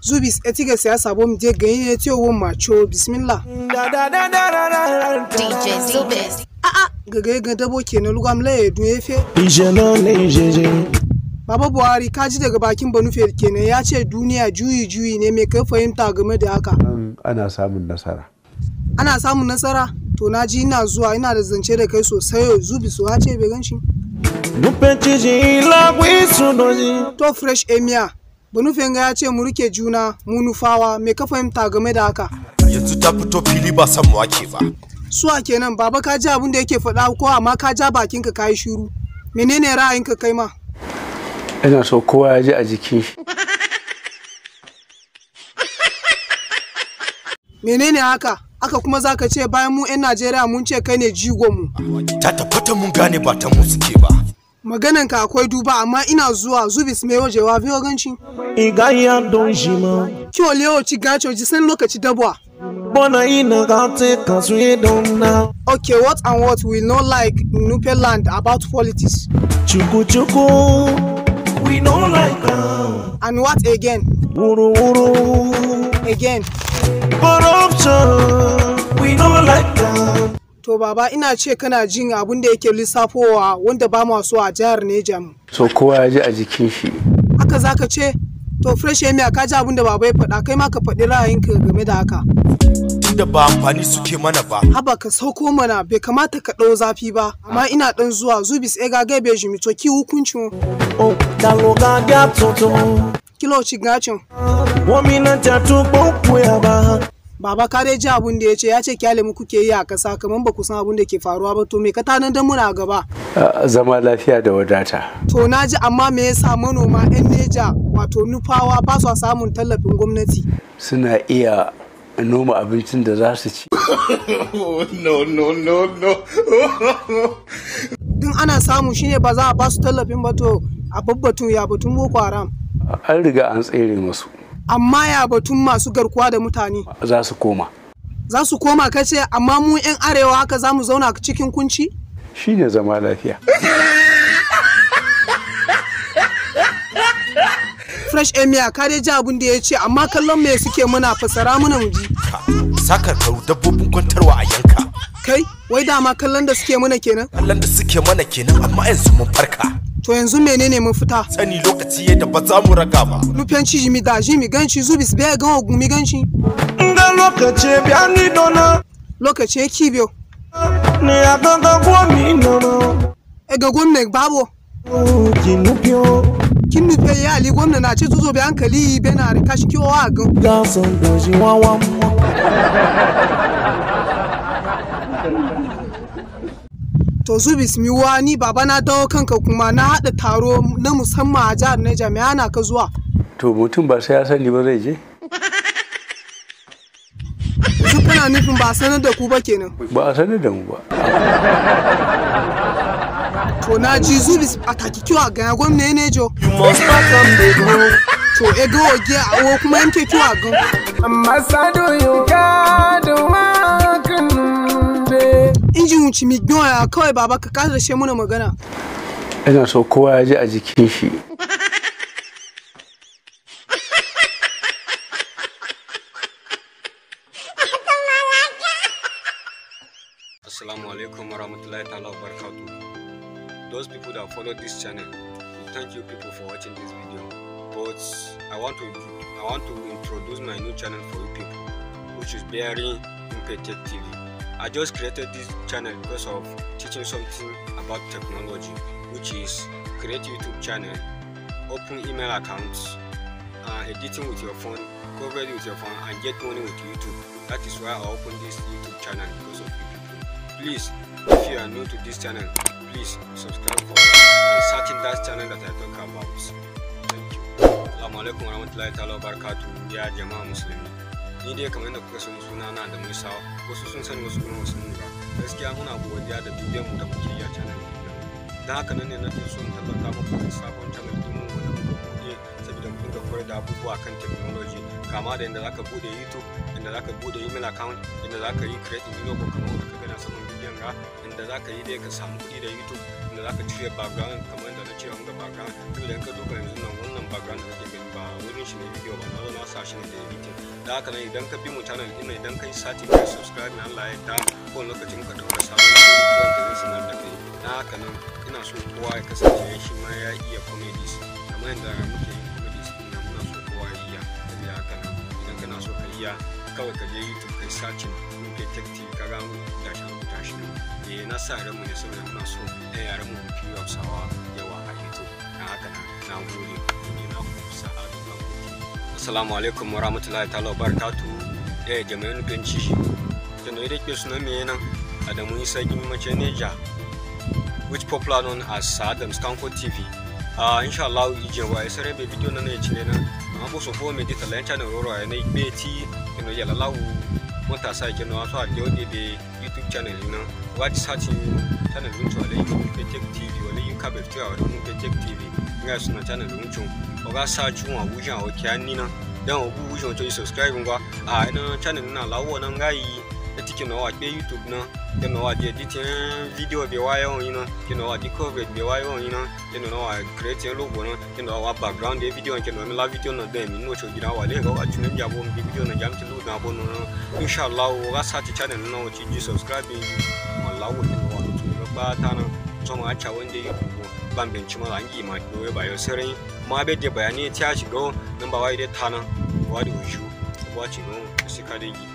zubis etige eh, siyasa bom je ganye eh, ti owo macho bismillah DJ Zubis a ah, a ah, gaga ga dabo kenan lugam laye edun efe ijelo le ijeje Baba Buhari kaji daga bakin banu fe kenan ya ce duniya juyi juyi ne mai ka fahimta game da haka ana samun nasara ana samun nasara to na ji ina zuwa ina da zance da kai sosai yau zubi su ce bai ganshi shi. Dupe ciji lagwi su To fresh emia Banufen ya ce mu rike juna mu nufawa me ka fahimta game da haka. Yanzu ta fito fili ba san wake ba. Suwa kenan baba ka ji abin da yake faɗa ko amma ka ja bakinka ka kai shuru. Menene ka kai ma? Ina so kowa ya ji a jiki. Menene haka? Aka kuma zaka ce bayan mu 'yan Najeriya mun ce kai ne jigon mu. Ta tafata mun gane ba ta mu ke ba. maganan akwai duba amma ina zuwa zubis mai waje wa fi don shi ma. Ki o ci gacho ji san lokaci dabwa. Bona ina ga te kasu ye don Okay, what and what we no like Nupe land about politics. Chuku We no like am. And what again? Wuru Again. Corruption. We no like am. To baba ina ce kana jin abin da yake lissafowa wanda ba mu so a jihar Neja mu. kowa ya ji a jikin shi. Haka zaka ce to fresh emia ka ji abin da baba ya faɗa kai ma ka faɗi ra'ayinka game da haka. da ba amfani suke mana ba. Haba ka sauko mana bai kamata ka ɗau zafi ba, amma ina ɗan zuwa zubis e ga gaibe shi to ki hukuncin. Kilo cigacin. Womina ta tuɓo ba. baba kare ji abun da ya ce ya ce kyale mu kuke yi a kasa kamar ba ku san abun da ke faruwa ba to me ka tanan da muna gaba zama lafiya da wadata to na ji amma me yasa manoma yan neja wato nufawa ba su samun tallafin gwamnati suna iya noma abincin da za su ci no no no no din ana samu shine ba za a ba su tallafin ba to a babbatun ya batun boko haram an riga an tsere masu amma ya batun masu garkuwa da mutane za su koma za su koma ka ce amma mu 'yan arewa haka za mu zauna cikin kunci shi ne zama lafiya fresh emir ka dai ji abin da ya ce amma kallon me suke muna fasara muna mu ji sakar dabbobin kwantarwa a yanka Kai, wai dama kallon da suke mana kenan? Kallon da suke mana kenan amma yanzu mun farka. To yanzu menene mun fita? Sani lokaci yadda ba za mu raga ba. Nufiyanci jimi da jimi ganci zubis bai gan ogun mi ganci. Nga lokaci biya ni dona. Lokaci yake biyo ne ya ganga gomi nono. E ga gwamna babo. Ki nufiyo. Kin nufe ya ali gwamna na ce zuzo bai hankali bai na rikashi kiwo a gan. san doji wawan. to zu bismiwa ni baba na dawo kanka kuma na haɗa taro na musamman a jihar na jami'a na ka zuwa to mutum ba sai ya sani ba zai je su kuna nufin ba sanar da ku ba kenan ba a sanar da mu ba to na ji zubis a takikiwa ga gwamna ne jo to ego oge a wo kuma yanke kiwa gan amma sadu yuka ma mijinci mi gnoya kawai baba ka kasashe muna magana ina so kowa ya ji a jikin shi Assalamu alaikum warahmatullahi ta'ala wabarakatuh. Those people that follow this channel, thank you people for watching this video. But I want to I want to introduce my new channel for you people, which is Bearing Impetech TV. I just created this channel because of teaching something about technology, which is create YouTube channel, open email accounts, uh, editing with your phone, coverage with your phone, and get money with YouTube. That is why I opened this YouTube channel because of you people. Please, if you are new to this channel, please subscribe for and in that channel that I talk about. Thank you. Assalamu alaikum warahmatullahi wabarakatuh ya Jamaah Muslimin. ni dai kamar yadda kuka sani suna na da musa wasu sun sani wasu kuma wasu ba gaskiya muna godiya da bidiyon mu da kuke yi a nan. Da haka nan ne na ke son tallata muku da sabon channel din mu wanda muka buɗe saboda mu ga koyar da abubuwa kan technology kama da yadda zaka bude youtube yadda zaka bude email account yadda zaka yi creating video ko kamar wanda ka gana saman bidiyon ka yadda zaka yi dai ka samu kuɗi da youtube yadda zaka cire background kamar yadda na cire wanda background saboda in ka duba yanzu nan wannan background da kake gani ba wurin shi ne video ba na zo na sa shi ne da editing da haka nan idan ka bi mu channel din idan kai sati kai subscribe na Allah ya ta ko lokacin ka dauka sabon video ka zai sanar da kai da haka nan ina so kowa ya kasance shi ma ya iya comedy kamar yadda muke yin comedies ina muna so kowa ya iya da haka nan idan kana so ka iya kawai ka je youtube kai sacin muke tekti ka ga mu da shi tashi ne eh na sa ran mu ne saboda muna so ɗan yaran mu biyu hausawa yawa a youtube da haka na gode assalamu alaikum warahmatullahi ta'ala barakatu ya eh, yi jami'in ganci da na yadda suna mai nan adamu isa mace neja which popular known as adams kanko tv uh, ah, insha Allah ije wa isa rebe video na ne cire na amma ko so ko me dita lan channel roro ya ne beti ti ino ya lalawu mota sai ke no aso a de ode be youtube channel nan what searching channel wunto ale youtube tv wala kabe tv wala youtube tv nga suna tana lunchun oga sa chunwa wujan o kyani na dan obu wujan to subscribe nga a ina channel na lawo na nga yi etike na wa pe youtube na ke na wa di video be wa yo yin na ke na wa di coverage be wa yo yin na create logo na ke na background e video ke na mi la video na dan mi no cho jira wa le ga wa chunem video na jam ti lu na bo oga sa ti channel na o ti subscribe ma lawo ni wa to ba ta na so ma youtube banbencimol angi ma doye bayo sering ma be de bayani tiachi do namba waide tana wadi ushu wachi no sikadegi